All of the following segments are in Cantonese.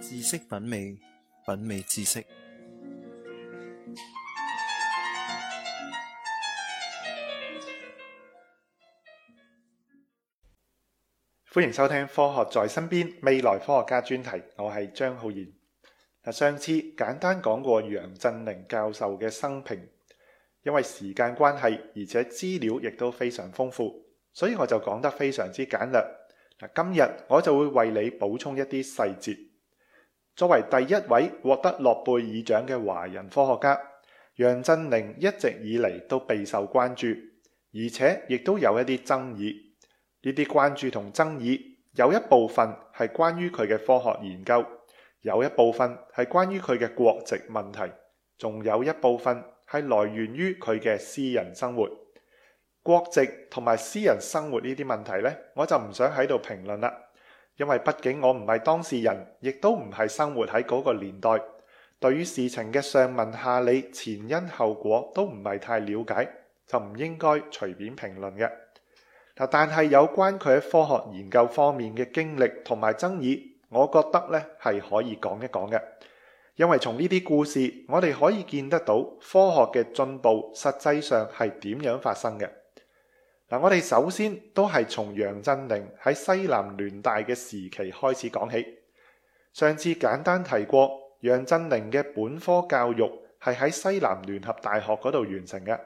知識品味，品味知識。歡迎收聽《科學在身邊》未來科學家專題，我係張浩然。嗱，上次簡單講過楊振寧教授嘅生平，因為時間關係，而且資料亦都非常豐富，所以我就講得非常之簡略。今日我就會為你補充一啲細節。作為第一位獲得諾貝爾獎嘅華人科學家，楊振寧一直以嚟都備受關注，而且亦都有一啲爭議。呢啲關注同爭議有一部分係關於佢嘅科學研究，有一部分係關於佢嘅國籍問題，仲有一部分係來源於佢嘅私人生活。國籍同埋私人生活呢啲問題呢，我就唔想喺度評論啦，因為畢竟我唔係當事人，亦都唔係生活喺嗰個年代，對於事情嘅上文下理、前因後果都唔係太了解，就唔應該隨便評論嘅。但係有關佢喺科學研究方面嘅經歷同埋爭議，我覺得呢係可以講一講嘅，因為從呢啲故事，我哋可以見得到科學嘅進步，實際上係點樣發生嘅。嗱，我哋首先都係從楊振寧喺西南聯大嘅時期開始講起。上次簡單提過，楊振寧嘅本科教育係喺西南聯合大學嗰度完成嘅。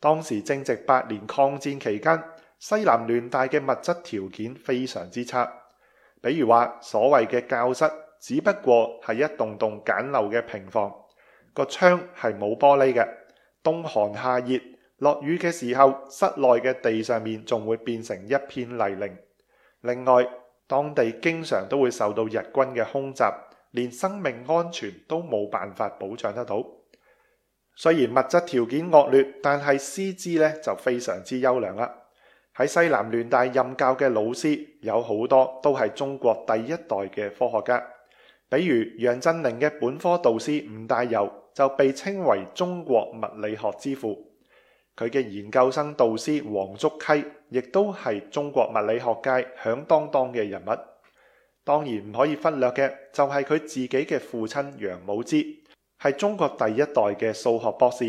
當時正值八年抗戰期間，西南聯大嘅物質條件非常之差。比如話，所謂嘅教室，只不過係一棟棟簡陋嘅平房，個窗係冇玻璃嘅，冬寒夏熱。落雨嘅時候，室內嘅地上面仲會變成一片泥濘。另外，當地經常都會受到日軍嘅空襲，連生命安全都冇辦法保障得到。雖然物質條件惡劣，但係師資呢就非常之優良啦。喺西南聯大任教嘅老師有好多都係中國第一代嘅科學家，比如楊振寧嘅本科導師吳大猷，就被稱為中國物理學之父。佢嘅研究生導師王竹溪，亦都係中國物理學界響噹噹嘅人物。當然唔可以忽略嘅就係、是、佢自己嘅父親楊武之，係中國第一代嘅數學博士。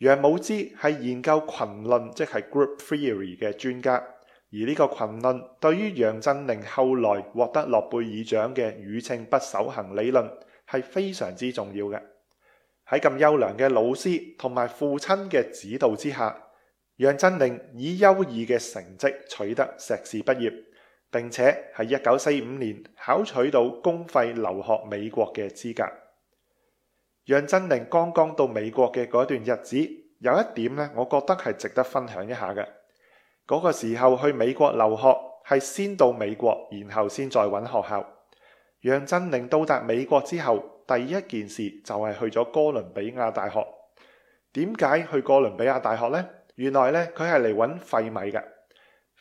楊武之係研究群論，即係 group theory 嘅專家。而呢個群論對於楊振寧後來獲得諾貝爾獎嘅宇稱不守恒理論係非常之重要嘅。喺咁優良嘅老師同埋父親嘅指導之下，楊振寧以優異嘅成績取得碩士畢業，並且係一九四五年考取到公費留學美國嘅資格。楊振寧剛剛到美國嘅嗰段日子，有一點呢，我覺得係值得分享一下嘅。嗰個時候去美國留學係先到美國，然後先再揾學校。楊振寧到達美國之後，第一件事就係去咗哥倫比亞大學，點解去哥倫比亞大學咧？原來咧佢係嚟揾費米嘅。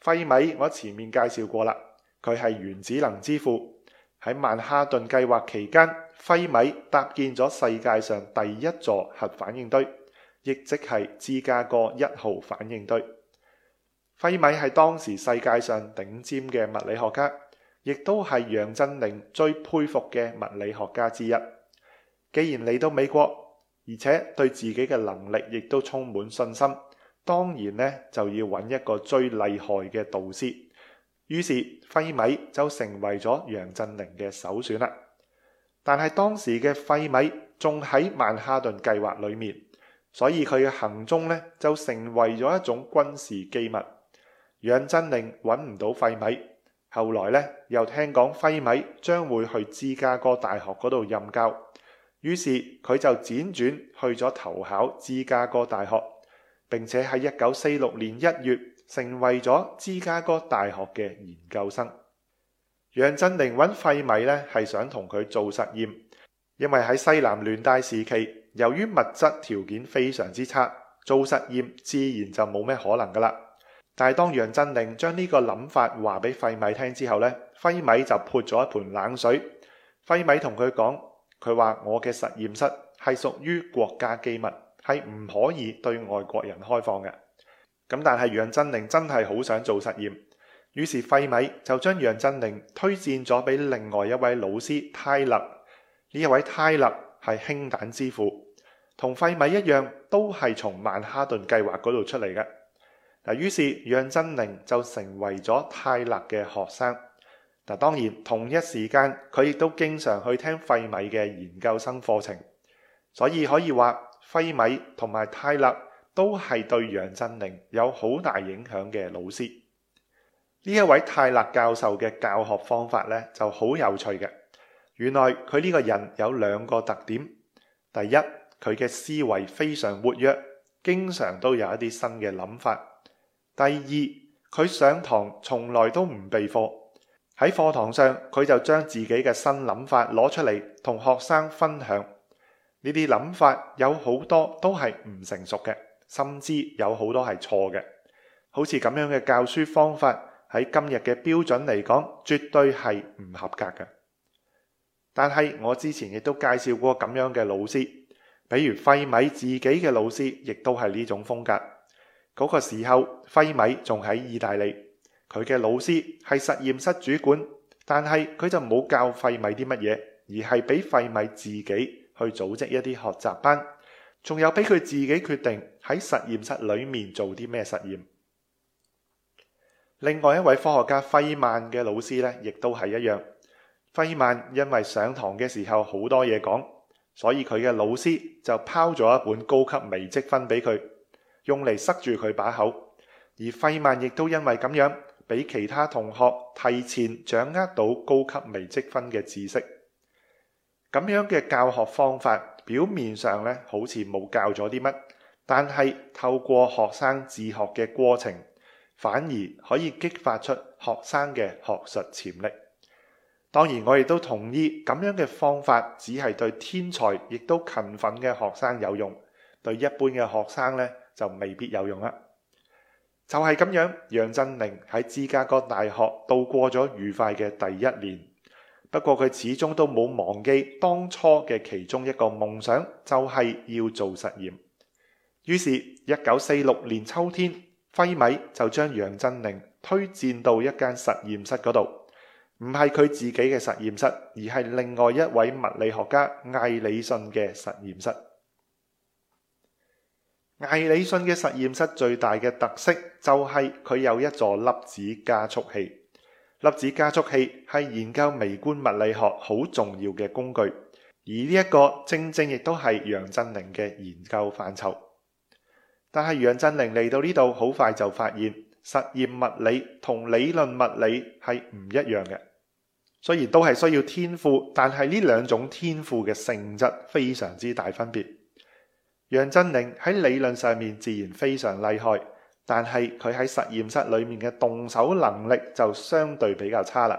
費米我前面介紹過啦，佢係原子能之父。喺曼哈頓計劃期間，費米搭建咗世界上第一座核反應堆，亦即係芝加哥一號反應堆。費米係當時世界上頂尖嘅物理學家，亦都係楊振寧最佩服嘅物理學家之一。既然嚟到美國，而且對自己嘅能力亦都充滿信心，當然呢，就要揾一個最厲害嘅導師。於是費米就成為咗楊振寧嘅首選啦。但係當時嘅費米仲喺曼哈頓計劃裏面，所以佢嘅行蹤呢，就成為咗一種軍事機密。楊振寧揾唔到費米，後來呢，又聽講費米將會去芝加哥大學嗰度任教。於是佢就輾轉去咗投考芝加哥大學，並且喺一九四六年一月成為咗芝加哥大學嘅研究生。楊振寧搵費米呢係想同佢做實驗，因為喺西南聯大時期，由於物質條件非常之差，做實驗自然就冇咩可能噶啦。但係當楊振寧將呢個諗法話俾費米聽之後呢，費米就潑咗一盆冷水。費米同佢講。佢話：我嘅實驗室係屬於國家機密，係唔可以對外國人開放嘅。咁但係楊振寧真係好想做實驗，於是費米就將楊振寧推薦咗俾另外一位老師泰勒。呢一位泰勒係氫彈之父，同費米一樣都係從曼哈頓計劃嗰度出嚟嘅。嗱，於是楊振寧就成為咗泰勒嘅學生。嗱，當然同一時間，佢亦都經常去聽費米嘅研究生課程，所以可以話費米同埋泰勒都係對楊振寧有好大影響嘅老師。呢一位泰勒教授嘅教學方法呢就好有趣嘅。原來佢呢個人有兩個特點：第一，佢嘅思維非常活躍，經常都有一啲新嘅諗法；第二，佢上堂從來都唔備課。喺課堂上，佢就將自己嘅新諗法攞出嚟，同學生分享。呢啲諗法有好多都係唔成熟嘅，甚至有好多係錯嘅。好似咁樣嘅教書方法，喺今日嘅標準嚟講，絕對係唔合格嘅。但係我之前亦都介紹過咁樣嘅老師，比如費米自己嘅老師，亦都係呢種風格。嗰個時候，費米仲喺意大利。佢嘅老師係實驗室主管，但係佢就冇教費米啲乜嘢，而係俾費米自己去組織一啲學習班，仲有俾佢自己決定喺實驗室裏面做啲咩實驗。另外一位科學家費曼嘅老師呢，亦都係一樣。費曼因為上堂嘅時候好多嘢講，所以佢嘅老師就拋咗一本高級微積分俾佢，用嚟塞住佢把口，而費曼亦都因為咁樣，俾其他同學提前掌握到高級微積分嘅知識，咁樣嘅教學方法表面上咧好似冇教咗啲乜，但係透過學生自學嘅過程，反而可以激發出學生嘅學術潛力。當然，我亦都同意咁樣嘅方法只係對天才，亦都勤奮嘅學生有用，對一般嘅學生咧，就未必有用啦。就係咁樣，楊振寧喺芝加哥大學度過咗愉快嘅第一年。不過佢始終都冇忘記當初嘅其中一個夢想，就係要做實驗。於是，一九四六年秋天，費米就將楊振寧推薦到一間實驗室嗰度，唔係佢自己嘅實驗室，而係另外一位物理學家艾理遜嘅實驗室。艾理遜嘅實驗室最大嘅特色就係佢有一座粒子加速器。粒子加速器係研究微觀物理學好重要嘅工具，而呢一個正正亦都係楊振寧嘅研究範疇。但係楊振寧嚟到呢度，好快就發現，實驗物理同理論物理係唔一樣嘅，雖然都係需要天賦，但係呢兩種天賦嘅性質非常之大分別。楊振寧喺理論上面自然非常厲害，但係佢喺實驗室裏面嘅動手能力就相對比較差啦。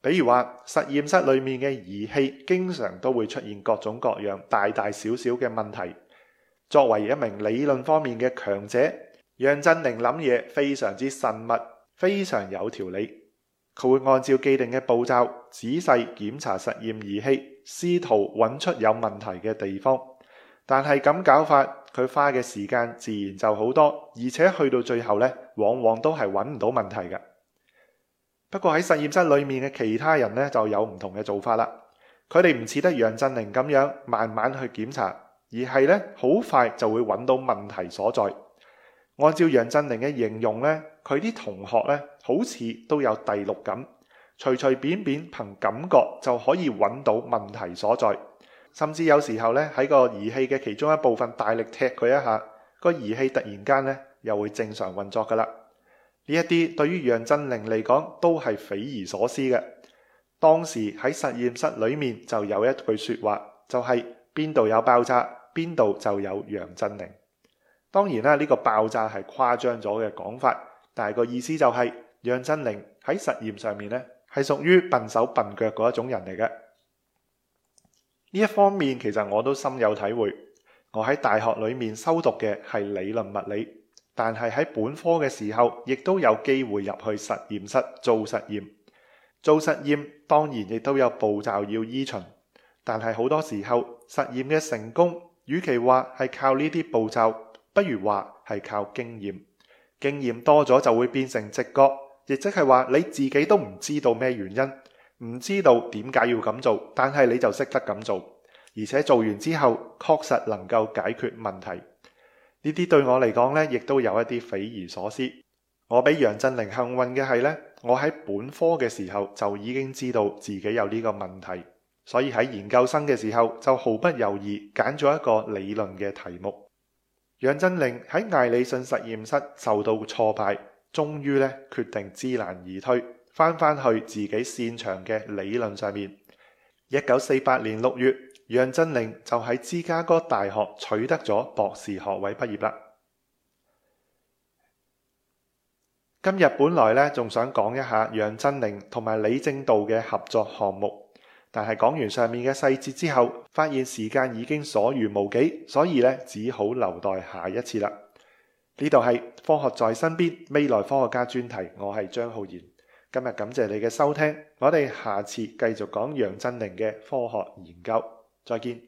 比如話，實驗室裏面嘅儀器經常都會出現各種各樣大大小小嘅問題。作為一名理論方面嘅強者，楊振寧諗嘢非常之慎密，非常有條理。佢會按照既定嘅步驟，仔細檢查實驗儀器，試圖揾出有問題嘅地方。但係咁搞法，佢花嘅時間自然就好多，而且去到最後呢，往往都係揾唔到問題嘅。不過喺實驗室裏面嘅其他人呢，就有唔同嘅做法啦。佢哋唔似得楊振寧咁樣慢慢去檢查，而係呢，好快就會揾到問題所在。按照楊振寧嘅形容呢，佢啲同學呢，好似都有第六感，隨隨便便憑感覺就可以揾到問題所在。甚至有時候咧，喺個儀器嘅其中一部分大力踢佢一下，個儀器突然間咧又會正常運作噶啦。呢一啲對於楊振寧嚟講都係匪夷所思嘅。當時喺實驗室裡面就有一句説話，就係邊度有爆炸，邊度就有楊振寧。當然啦，呢個爆炸係誇張咗嘅講法，但係個意思就係楊振寧喺實驗上面咧係屬於笨手笨腳嗰一種人嚟嘅。呢一方面，其實我都深有體會。我喺大學裏面修讀嘅係理論物理，但係喺本科嘅時候，亦都有機會入去實驗室做實驗。做實驗當然亦都有步驟要依循，但係好多時候實驗嘅成功，與其話係靠呢啲步驟，不如話係靠經驗。經驗多咗就會變成直覺，亦即係話你自己都唔知道咩原因。唔知道點解要咁做，但係你就識得咁做，而且做完之後確實能夠解決問題。呢啲對我嚟講呢，亦都有一啲匪夷所思。我比楊振寧幸運嘅係呢，我喺本科嘅時候就已經知道自己有呢個問題，所以喺研究生嘅時候就毫不猶豫揀咗一個理論嘅題目。楊振寧喺艾理遜實驗室受到挫敗，終於呢，決定知難而退，返返去自己擅長嘅理論上面。一九四八年六月，楊振寧就喺芝加哥大學取得咗博士學位畢業啦。今日本來呢，仲想講一下楊振寧同埋李正道嘅合作項目，但係講完上面嘅細節之後，發現時間已經所餘無幾，所以呢，只好留待下一次啦。呢度係科學在身邊未來科學家專題，我係張浩然。今日感謝你嘅收聽，我哋下次繼續講楊振寧嘅科學研究，再見。